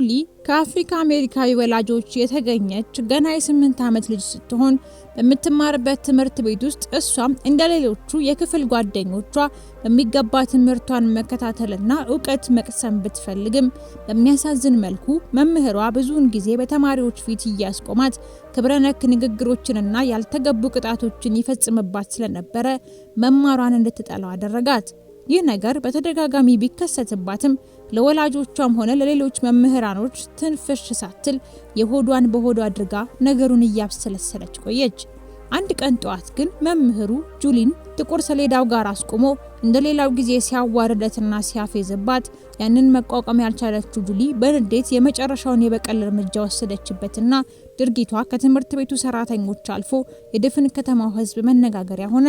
ጁሊ ከአፍሪካ አሜሪካዊ ወላጆች የተገኘች ገና የስምንት ዓመት ልጅ ስትሆን በምትማርበት ትምህርት ቤት ውስጥ እሷም እንደ ሌሎቹ የክፍል ጓደኞቿ በሚገባ ትምህርቷን መከታተልና እውቀት መቅሰም ብትፈልግም በሚያሳዝን መልኩ መምህሯ ብዙውን ጊዜ በተማሪዎች ፊት እያስቆማት ክብረነክ ንግግሮችንና ያልተገቡ ቅጣቶችን ይፈጽምባት ስለነበረ መማሯን እንድትጠላው አደረጋት። ይህ ነገር በተደጋጋሚ ቢከሰትባትም ለወላጆቿም ሆነ ለሌሎች መምህራኖች ትንፍሽ ሳትል የሆዷን በሆዷ አድርጋ ነገሩን እያብሰለሰለች ቆየች። አንድ ቀን ጠዋት ግን መምህሩ ጁሊን ጥቁር ሰሌዳው ጋር አስቆሞ እንደ ሌላው ጊዜ ሲያዋርደትና ሲያፌዝባት ያንን መቋቋም ያልቻለችው ጁሊ በንዴት የመጨረሻውን የበቀል እርምጃ ወሰደችበትና ድርጊቷ ከትምህርት ቤቱ ሰራተኞች አልፎ የድፍን ከተማው ሕዝብ መነጋገሪያ ሆነ።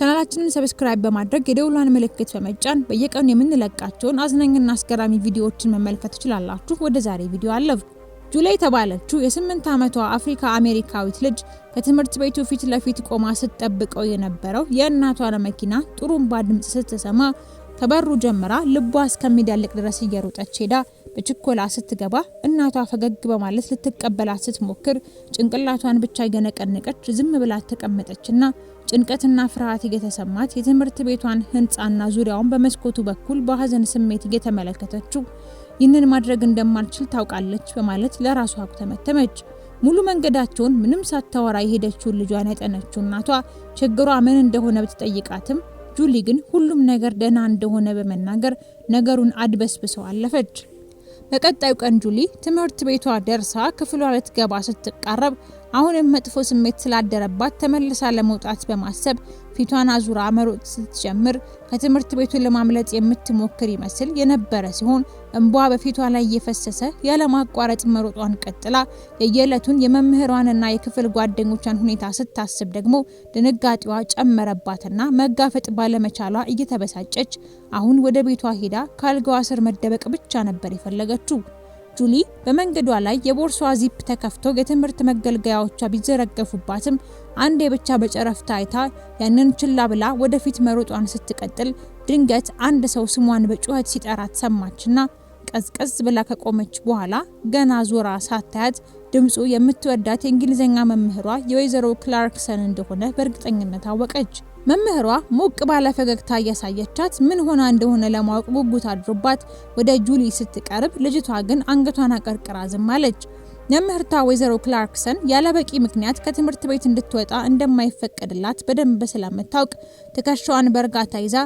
ቻናላችንን ሰብስክራይብ በማድረግ የደውሏን ምልክት በመጫን በየቀኑ የምንለቃቸውን አዝናኝና አስገራሚ ቪዲዮዎችን መመልከት ትችላላችሁ። ወደ ዛሬ ቪዲዮ አለፉ። ጁላ የተባለችው የስምንት ዓመቷ አፍሪካ አሜሪካዊት ልጅ ከትምህርት ቤቱ ፊት ለፊት ቆማ ስትጠብቀው የነበረው የእናቷን መኪና ጥሩምባ ድምፅ ስትሰማ ከበሩ ጀምራ ልቧ እስከሚዳልቅ ድረስ እየሮጠች ሄዳ በችኮላ ስትገባ እናቷ ፈገግ በማለት ልትቀበላት ስትሞክር ጭንቅላቷን ብቻ እየነቀነቀች ዝም ብላት ተቀመጠችና ጭንቀትና ፍርሃት እየተሰማት የትምህርት ቤቷን ህንፃና ዙሪያውን በመስኮቱ በኩል በሀዘን ስሜት እየተመለከተችው ይህንን ማድረግ እንደማልችል ታውቃለች በማለት ለራሷ ተመተመች። ሙሉ መንገዳቸውን ምንም ሳታወራ የሄደችውን ልጇን ያጠነችው እናቷ ችግሯ ምን እንደሆነ ብትጠይቃትም ጁሊ ግን ሁሉም ነገር ደህና እንደሆነ በመናገር ነገሩን አድበስብሰው አለፈች። በቀጣዩ ቀን ጁሊ ትምህርት ቤቷ ደርሳ ክፍሏ ልትገባ ስትቃረብ አሁንም መጥፎ ስሜት ስላደረባት ተመልሳ ለመውጣት በማሰብ ፊቷን አዙራ መሮጥ ስትጀምር ከትምህርት ቤቱ ለማምለጥ የምትሞክር ይመስል የነበረ ሲሆን እንቧ በፊቷ ላይ እየፈሰሰ ያለማቋረጥ መሮጧን ቀጥላ የየዕለቱን የመምህሯንና የክፍል ጓደኞቿን ሁኔታ ስታስብ ደግሞ ድንጋጤዋ ጨመረባትና መጋፈጥ ባለመቻሏ እየተበሳጨች አሁን ወደ ቤቷ ሄዳ ካልጋዋ ስር መደበቅ ብቻ ነበር የፈለገችው። ጁሊ በመንገዷ ላይ የቦርሷ ዚፕ ተከፍቶ የትምህርት መገልገያዎቿ ቢዘረገፉባትም አንዴ ብቻ በጨረፍታ አይታ ያንን ችላ ብላ ወደፊት መሮጧን ስትቀጥል ድንገት አንድ ሰው ስሟን በጩኸት ሲጠራት ሰማችና ቀዝቀዝ ብላ ከቆመች በኋላ ገና ዞራ ሳታያት ድምፁ የምትወዳት የእንግሊዝኛ መምህሯ የወይዘሮ ክላርክሰን እንደሆነ በእርግጠኝነት አወቀች። መምህሯ ሞቅ ባለ ፈገግታ እያሳየቻት ምን ሆና እንደሆነ ለማወቅ ጉጉት አድሮባት ወደ ጁሊ ስትቀርብ ልጅቷ ግን አንገቷን አቀርቅራ ዝም አለች። መምህርቷ ወይዘሮ ክላርክሰን ያለበቂ ምክንያት ከትምህርት ቤት እንድትወጣ እንደማይፈቀድላት በደንብ ስለምታውቅ ትከሻዋን በእርጋታ ይዛ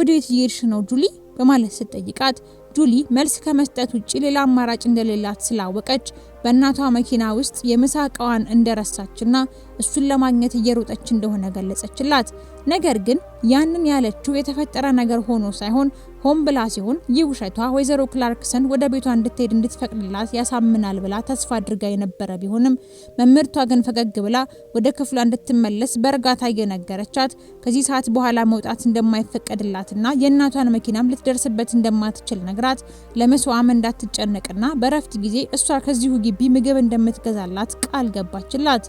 ወደ የት እየሄድሽ ነው ጁሊ በማለት ስትጠይቃት ጁሊ መልስ ከመስጠት ውጭ ሌላ አማራጭ እንደሌላት ስላወቀች በእናቷ መኪና ውስጥ የምሳ እቃዋን እንደረሳችና እሱን ለማግኘት እየሮጠች እንደሆነ ገለጸችላት። ነገር ግን ያንን ያለችው የተፈጠረ ነገር ሆኖ ሳይሆን ሆን ብላ ሲሆን ይህ ውሸቷ ወይዘሮ ክላርክሰን ወደ ቤቷ እንድትሄድ እንድትፈቅድላት ያሳምናል ብላ ተስፋ አድርጋ የነበረ ቢሆንም መምህርቷ ግን ፈገግ ብላ ወደ ክፍሏ እንድትመለስ በእርጋታ እየነገረቻት ከዚህ ሰዓት በኋላ መውጣት እንደማይፈቀድላትና የእናቷን መኪናም ልትደርስበት እንደማትችል ነግራት ለመስዋዕም እንዳትጨነቅና በረፍት ጊዜ እሷ ከዚሁ ግቢ ምግብ እንደምትገዛላት ቃል ገባችላት።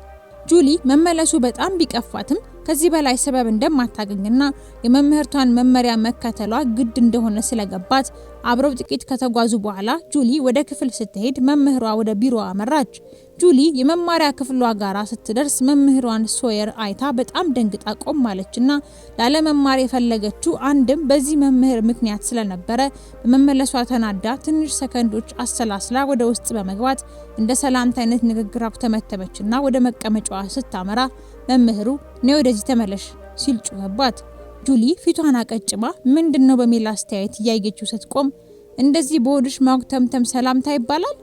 ጁሊ መመለሱ በጣም ቢቀፋትም ከዚህ በላይ ሰበብ እንደማታገኝና የመምህርቷን መመሪያ መከተሏ ግድ እንደሆነ ስለገባት አብረው ጥቂት ከተጓዙ በኋላ ጁሊ ወደ ክፍል ስትሄድ መምህሯ ወደ ቢሮ አመራች። ጁሊ የመማሪያ ክፍሏ ጋር ስትደርስ መምህሯን ሶየር አይታ በጣም ደንግጣ ቆማለችና ላለመማር የፈለገችው አንድም በዚህ መምህር ምክንያት ስለነበረ በመመለሷ ተናዳ ትንሽ ሰከንዶች አሰላስላ ወደ ውስጥ በመግባት እንደ ሰላምታ አይነት ንግግር አብተመተመችና ወደ መቀመጫዋ ስታመራ መምህሩ ነይ ወደዚህ ተመለሽ ሲል ጮኸባት። ጁሊ ፊቷን አቀጭማ ምንድን ነው በሚል አስተያየት እያየችው ስትቆም እንደዚህ በሆድሽ ማጉተምተም ሰላምታ ይባላል?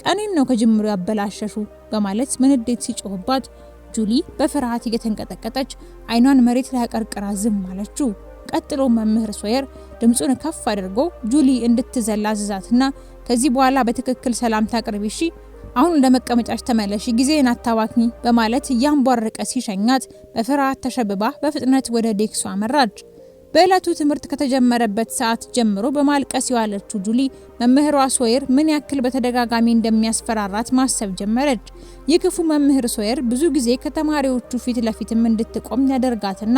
ቀኔን ነው ከጅምሮ ያበላሸሹ በማለት ምንዴት ሲጮህባት ጁሊ በፍርሃት እየተንቀጠቀጠች አይኗን መሬት ላይ አቀርቅራ ዝም አለችው። ቀጥሎ መምህር ሶየር ድምፁን ከፍ አድርጎ ጁሊ እንድትዘላ ዝዛትና ከዚህ በኋላ በትክክል ሰላምታ አቅርቢ እሺ አሁን እንደ መቀመጫሽ ተመለሽ፣ ጊዜን አታባክኝ በማለት እያንቧረቀ ሲሸኛት በፍርሃት ተሸብባ በፍጥነት ወደ ዴክሱ አመራች። በዕለቱ ትምህርት ከተጀመረበት ሰዓት ጀምሮ በማልቀስ የዋለችው ጁሊ መምህሯ ሶየር ምን ያክል በተደጋጋሚ እንደሚያስፈራራት ማሰብ ጀመረች። ይህ ክፉ መምህር ሶየር ብዙ ጊዜ ከተማሪዎቹ ፊት ለፊትም እንድትቆም ያደርጋትና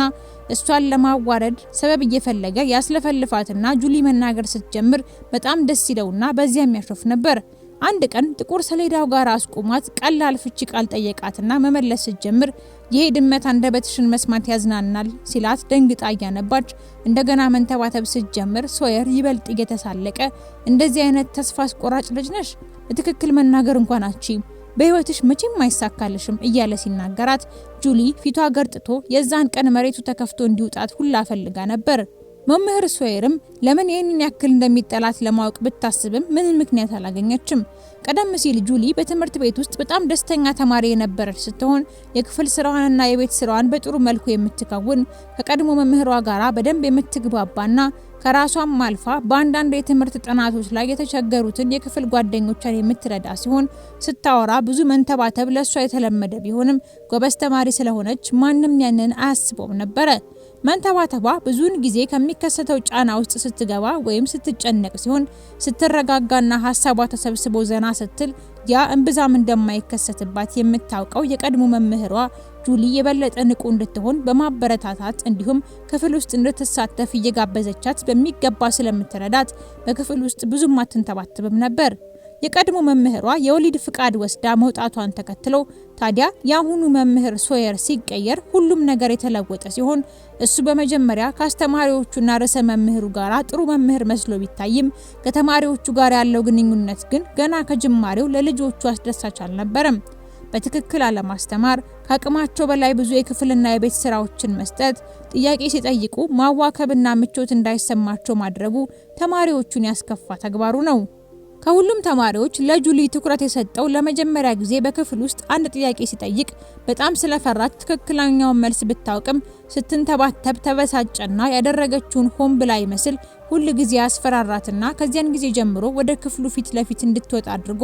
እሷን ለማዋረድ ሰበብ እየፈለገ ያስለፈልፋትና ጁሊ መናገር ስትጀምር በጣም ደስ ይለውና በዚያም ያሾፍ ነበር። አንድ ቀን ጥቁር ሰሌዳው ጋር አስቆሟት። ቀላል ፍቺ ቃል ጠየቃትና መመለስ ስትጀምር ይሄ ድመት አንደበትሽን መስማት ያዝናናል ሲላት ደንግጣ እያነባች እንደገና መንተባተብ ስትጀምር ሶየር ይበልጥ እየተሳለቀ እንደዚህ አይነት ተስፋ አስቆራጭ ልጅ ነሽ፣ በትክክል መናገር እንኳን አቺ በህይወትሽ መቼም አይሳካልሽም እያለ ሲናገራት ጁሊ ፊቷ ገርጥቶ የዛን ቀን መሬቱ ተከፍቶ እንዲውጣት ሁላ ፈልጋ ነበር። መምህር ሶየርም ለምን ይህንን ያክል እንደሚጠላት ለማወቅ ብታስብም ምንም ምክንያት አላገኘችም። ቀደም ሲል ጁሊ በትምህርት ቤት ውስጥ በጣም ደስተኛ ተማሪ የነበረች ስትሆን የክፍል ስራዋንና የቤት ስራዋን በጥሩ መልኩ የምትከውን ከቀድሞ መምህሯ ጋራ በደንብ የምትግባባና ከራሷም አልፋ በአንዳንድ የትምህርት ጥናቶች ላይ የተቸገሩትን የክፍል ጓደኞቿን የምትረዳ ሲሆን ስታወራ ብዙ መንተባተብ ለእሷ የተለመደ ቢሆንም ጎበዝ ተማሪ ስለሆነች ማንም ያንን አያስበውም ነበረ። መንተባተቧ ብዙውን ጊዜ ከሚከሰተው ጫና ውስጥ ስትገባ ወይም ስትጨነቅ ሲሆን ስትረጋጋና ሀሳቧ ተሰብስቦ ዘና ስትል ያ እምብዛም እንደማይከሰትባት የምታውቀው የቀድሞ መምህሯ ጁሊ የበለጠ ንቁ እንድትሆን በማበረታታት እንዲሁም ክፍል ውስጥ እንድትሳተፍ እየጋበዘቻት በሚገባ ስለምትረዳት በክፍል ውስጥ ብዙም አትንተባትብም ነበር። የቀድሞ መምህሯ የወሊድ ፍቃድ ወስዳ መውጣቷን ተከትሎ ታዲያ የአሁኑ መምህር ሶየር ሲቀየር ሁሉም ነገር የተለወጠ ሲሆን እሱ በመጀመሪያ ከአስተማሪዎቹና ርዕሰ መምህሩ ጋር ጥሩ መምህር መስሎ ቢታይም ከተማሪዎቹ ጋር ያለው ግንኙነት ግን ገና ከጅማሬው ለልጆቹ አስደሳች አልነበረም። በትክክል አለማስተማር፣ ከአቅማቸው በላይ ብዙ የክፍልና የቤት ስራዎችን መስጠት፣ ጥያቄ ሲጠይቁ ማዋከብና ምቾት እንዳይሰማቸው ማድረጉ ተማሪዎቹን ያስከፋ ተግባሩ ነው። ከሁሉም ተማሪዎች ለጁሊ ትኩረት የሰጠው ለመጀመሪያ ጊዜ በክፍል ውስጥ አንድ ጥያቄ ሲጠይቅ በጣም ስለፈራች ትክክለኛውን መልስ ብታውቅም ስትንተባተብ ተበሳጨና ያደረገችውን ሆን ብላ ይመስል ሁል ጊዜ ያስፈራራትና ከዚያን ጊዜ ጀምሮ ወደ ክፍሉ ፊት ለፊት እንድትወጣ አድርጎ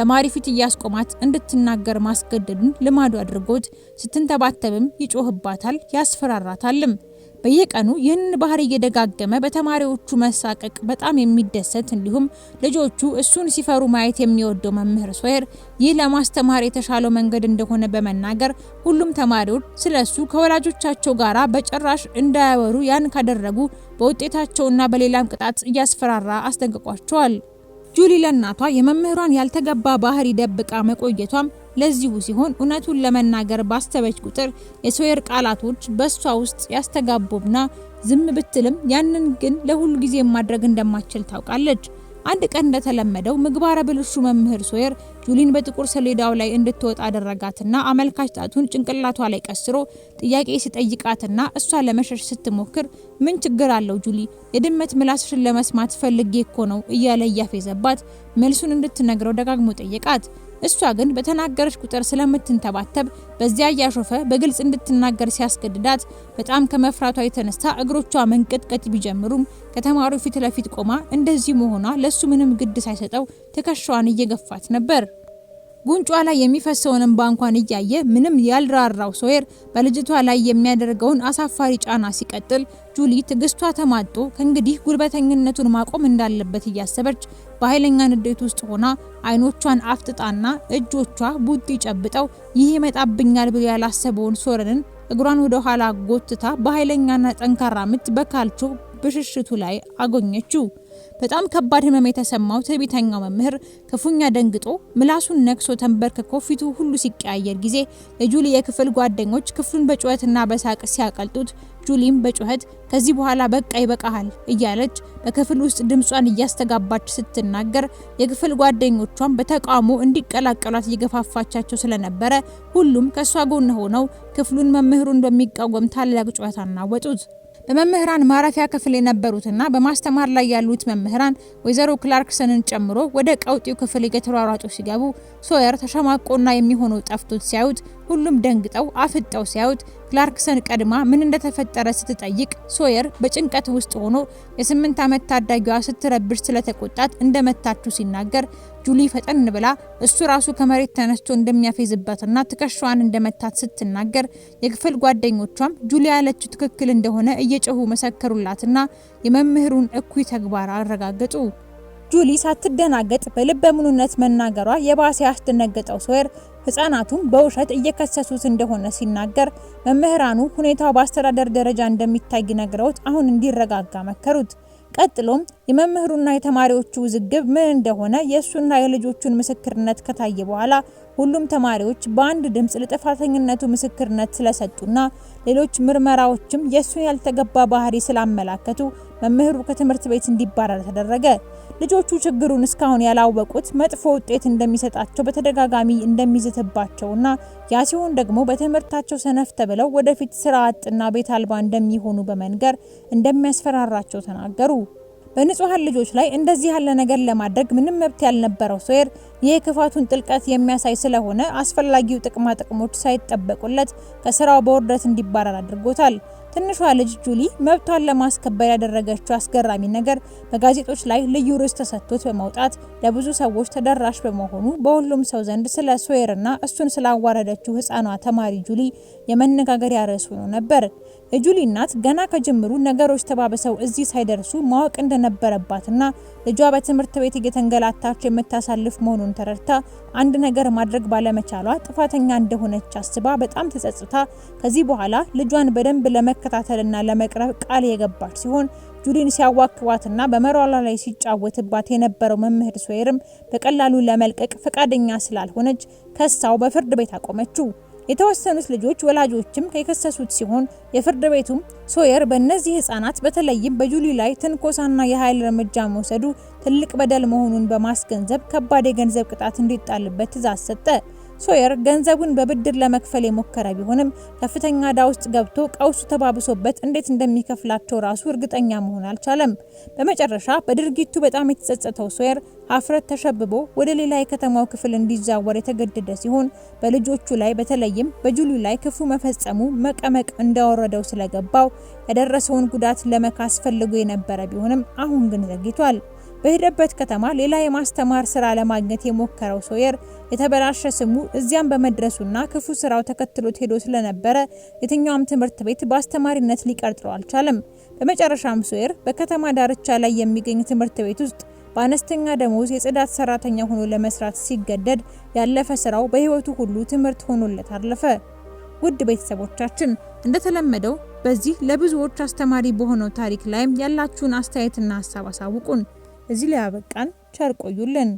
ተማሪ ፊት እያስቆማት እንድትናገር ማስገደዱን ልማዱ አድርጎት ስትንተባተብም ይጮህባታል፣ ያስፈራራታልም። በየቀኑ ይህንን ባህሪ እየደጋገመ በተማሪዎቹ መሳቀቅ በጣም የሚደሰት እንዲሁም ልጆቹ እሱን ሲፈሩ ማየት የሚወደው መምህር ሶሄር ይህ ለማስተማር የተሻለው መንገድ እንደሆነ በመናገር ሁሉም ተማሪዎች ስለ እሱ ከወላጆቻቸው ጋር በጭራሽ እንዳያወሩ ያን ካደረጉ በውጤታቸውና በሌላም ቅጣት እያስፈራራ አስጠንቅቋቸዋል። ጁሊ ለእናቷ የመምህሯን ያልተገባ ባህሪ ደብቃ መቆየቷም ለዚሁ ሲሆን እውነቱን ለመናገር ባስተበች ቁጥር የሶየር ቃላቶች በእሷ ውስጥ ያስተጋቡና ዝም ብትልም ያንን ግን ለሁል ጊዜ ማድረግ እንደማትችል ታውቃለች። አንድ ቀን እንደተለመደው ምግባረ ብልሹ መምህር ሶየር ጁሊን በጥቁር ሰሌዳው ላይ እንድትወጣ አደረጋትና አመልካች ጣቱን ጭንቅላቷ ላይ ቀስሮ ጥያቄ ሲጠይቃትና እሷ ለመሸሽ ስትሞክር ምን ችግር አለው ጁሊ፣ የድመት ምላስሽን ለመስማት ፈልጌ እኮ ነው እያለ እያፌዘባት መልሱን እንድትነግረው ደጋግሞ ጠየቃት። እሷ ግን በተናገረች ቁጥር ስለምትንተባተብ በዚያ እያሾፈ በግልጽ እንድትናገር ሲያስገድዳት በጣም ከመፍራቷ የተነሳ እግሮቿ መንቀጥቀጥ ቢጀምሩም ከተማሪው ፊት ለፊት ቆማ እንደዚህ መሆኗ ለሱ ምንም ግድ ሳይሰጠው ትከሻዋን እየገፋት ነበር። ጉንጯ ላይ የሚፈሰውን እንባ እንኳን እያየ ምንም ያልራራው ሶየር በልጅቷ ላይ የሚያደርገውን አሳፋሪ ጫና ሲቀጥል ጁሊ ትዕግስቷ ተማጦ ከእንግዲህ ጉልበተኝነቱን ማቆም እንዳለበት እያሰበች በኃይለኛ ንዴት ውስጥ ሆና አይኖቿን አፍጥጣና እጆቿ ቡጢ ጨብጠው ይህ ይመጣብኛል ብሎ ያላሰበውን ሶረንን እግሯን ወደ ኋላ ጎትታ በኃይለኛና ጠንካራ ምት በካልቾ ብሽሽቱ ላይ አጎኘችው። በጣም ከባድ ህመም የተሰማው ትዕቢተኛው መምህር ክፉኛ ደንግጦ ምላሱን ነክሶ ተንበርክኮ ፊቱ ሁሉ ሲቀያየር ጊዜ የጁሊ የክፍል ጓደኞች ክፍሉን በጩኸትና በሳቅ ሲያቀልጡት፣ ጁሊም በጩኸት ከዚህ በኋላ በቃ ይበቃሃል እያለች በክፍል ውስጥ ድምጿን እያስተጋባች ስትናገር የክፍል ጓደኞቿን በተቃውሞ እንዲቀላቀሏት እየገፋፋቻቸው ስለነበረ ሁሉም ከእሷ ጎን ሆነው ክፍሉን መምህሩን በሚቃወም ታላቅ ጩኸት አናወጡት። በመምህራን ማረፊያ ክፍል የነበሩትና በማስተማር ላይ ያሉት መምህራን ወይዘሮ ክላርክሰንን ጨምሮ ወደ ቀውጢው ክፍል እየተሯሯጡ ሲገቡ ሶየር ተሸማቆና የሚሆነው ጠፍቶት ሲያዩት ሁሉም ደንግጠው አፍጠው ሲያዩት ክላርክሰን ቀድማ ምን እንደተፈጠረ ስትጠይቅ ሶየር በጭንቀት ውስጥ ሆኖ የስምንት ዓመት ታዳጊዋ ስትረብሽ ስለተቆጣት እንደመታችሁ ሲናገር ጁሊ ፈጠን ብላ እሱ ራሱ ከመሬት ተነስቶ እንደሚያፌዝበትና ትከሻዋን እንደመታት ስትናገር የክፍል ጓደኞቿም ጁሊ ያለችው ትክክል እንደሆነ እየጮሁ መሰከሩላትና የመምህሩን እኩይ ተግባር አረጋገጡ። ጁሊ ሳትደናገጥ በልበ ሙሉነት መናገሯ የባሰ ያስደነገጠው ሶየር ህጻናቱም በውሸት እየከሰሱት እንደሆነ ሲናገር መምህራኑ ሁኔታው በአስተዳደር ደረጃ እንደሚታይ ነግረውት አሁን እንዲረጋጋ መከሩት። ቀጥሎም የመምህሩና የተማሪዎቹ ውዝግብ ምን እንደሆነ የእሱና የልጆቹን ምስክርነት ከታየ በኋላ ሁሉም ተማሪዎች በአንድ ድምፅ ለጥፋተኝነቱ ምስክርነት ስለሰጡና ሌሎች ምርመራዎችም የእሱን ያልተገባ ባህሪ ስላመላከቱ መምህሩ ከትምህርት ቤት እንዲባረር ተደረገ። ልጆቹ ችግሩን እስካሁን ያላወቁት መጥፎ ውጤት እንደሚሰጣቸው በተደጋጋሚ እንደሚዝትባቸውና ያ ሲሆን ደግሞ በትምህርታቸው ሰነፍ ተብለው ወደፊት ስራ አጥና ቤት አልባ እንደሚሆኑ በመንገር እንደሚያስፈራራቸው ተናገሩ። በንጹሐን ልጆች ላይ እንደዚህ ያለ ነገር ለማድረግ ምንም መብት ያልነበረው ሶየር ይህ ክፋቱን ጥልቀት የሚያሳይ ስለሆነ አስፈላጊው ጥቅማ ጥቅሞች ሳይጠበቁለት ከስራው በውርደት እንዲባረር አድርጎታል። ትንሿ ልጅ ጁሊ መብቷን ለማስከበር ያደረገችው አስገራሚ ነገር በጋዜጦች ላይ ልዩ ርዕስ ተሰጥቶት በመውጣት ለብዙ ሰዎች ተደራሽ በመሆኑ በሁሉም ሰው ዘንድ ስለ ሶየርና እሱን ስላዋረደችው ህፃኗ ተማሪ ጁሊ የመነጋገሪያ ርዕስ ሆኖ ነበር። የጁሊ እናት ገና ከጅምሩ ነገሮች ተባብሰው እዚህ ሳይደርሱ ማወቅ እንደነበረባትና ልጇ በትምህርት ቤት እየተንገላታች የምታሳልፍ መሆኑን ተረድታ አንድ ነገር ማድረግ ባለመቻሏ ጥፋተኛ እንደሆነች አስባ በጣም ተጸጽታ ከዚህ በኋላ ልጇን በደንብ ለመ ለመከታተልና ለመቅረብ ቃል የገባች ሲሆን ጁሊን ሲያዋክባትና በመሯላ ላይ ሲጫወትባት የነበረው መምህር ሶየርም በቀላሉ ለመልቀቅ ፈቃደኛ ስላልሆነች ከሳው በፍርድ ቤት አቆመችው። የተወሰኑት ልጆች ወላጆችም የከሰሱት ሲሆን የፍርድ ቤቱም ሶየር በእነዚህ ህጻናት በተለይም በጁሊ ላይ ትንኮሳና የኃይል እርምጃ መውሰዱ ትልቅ በደል መሆኑን በማስገንዘብ ከባድ የገንዘብ ቅጣት እንዲጣልበት ትእዛዝ ሰጠ። ሶየር ገንዘቡን በብድር ለመክፈል የሞከረ ቢሆንም ከፍተኛ ዕዳ ውስጥ ገብቶ ቀውሱ ተባብሶበት እንዴት እንደሚከፍላቸው ራሱ እርግጠኛ መሆን አልቻለም። በመጨረሻ በድርጊቱ በጣም የተጸጸተው ሶየር ሀፍረት ተሸብቦ ወደ ሌላ የከተማው ክፍል እንዲዛወር የተገደደ ሲሆን በልጆቹ ላይ በተለይም በጁሉ ላይ ክፉ መፈጸሙ መቀመቅ እንዳወረደው ስለገባው የደረሰውን ጉዳት ለመካስ ፈልጎ የነበረ ቢሆንም አሁን ግን ዘግቷል። በሄደበት ከተማ ሌላ የማስተማር ስራ ለማግኘት የሞከረው ሶየር የተበላሸ ስሙ እዚያም በመድረሱና ክፉ ስራው ተከትሎት ሄዶ ስለነበረ የትኛውም ትምህርት ቤት በአስተማሪነት ሊቀጥረው አልቻለም። በመጨረሻም ሶየር በከተማ ዳርቻ ላይ የሚገኝ ትምህርት ቤት ውስጥ በአነስተኛ ደሞዝ የጽዳት ሰራተኛ ሆኖ ለመስራት ሲገደድ ያለፈ ስራው በህይወቱ ሁሉ ትምህርት ሆኖለት አለፈ። ውድ ቤተሰቦቻችን እንደተለመደው በዚህ ለብዙዎች አስተማሪ በሆነው ታሪክ ላይም ያላችሁን አስተያየትና ሀሳብ አሳውቁን። እዚህ ላይ አበቃን ቸር ቆዩልን።